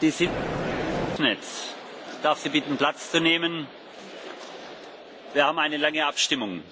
die sitzen. ich darf sie bitten platz zu nehmen. wir haben eine lange abstimmung.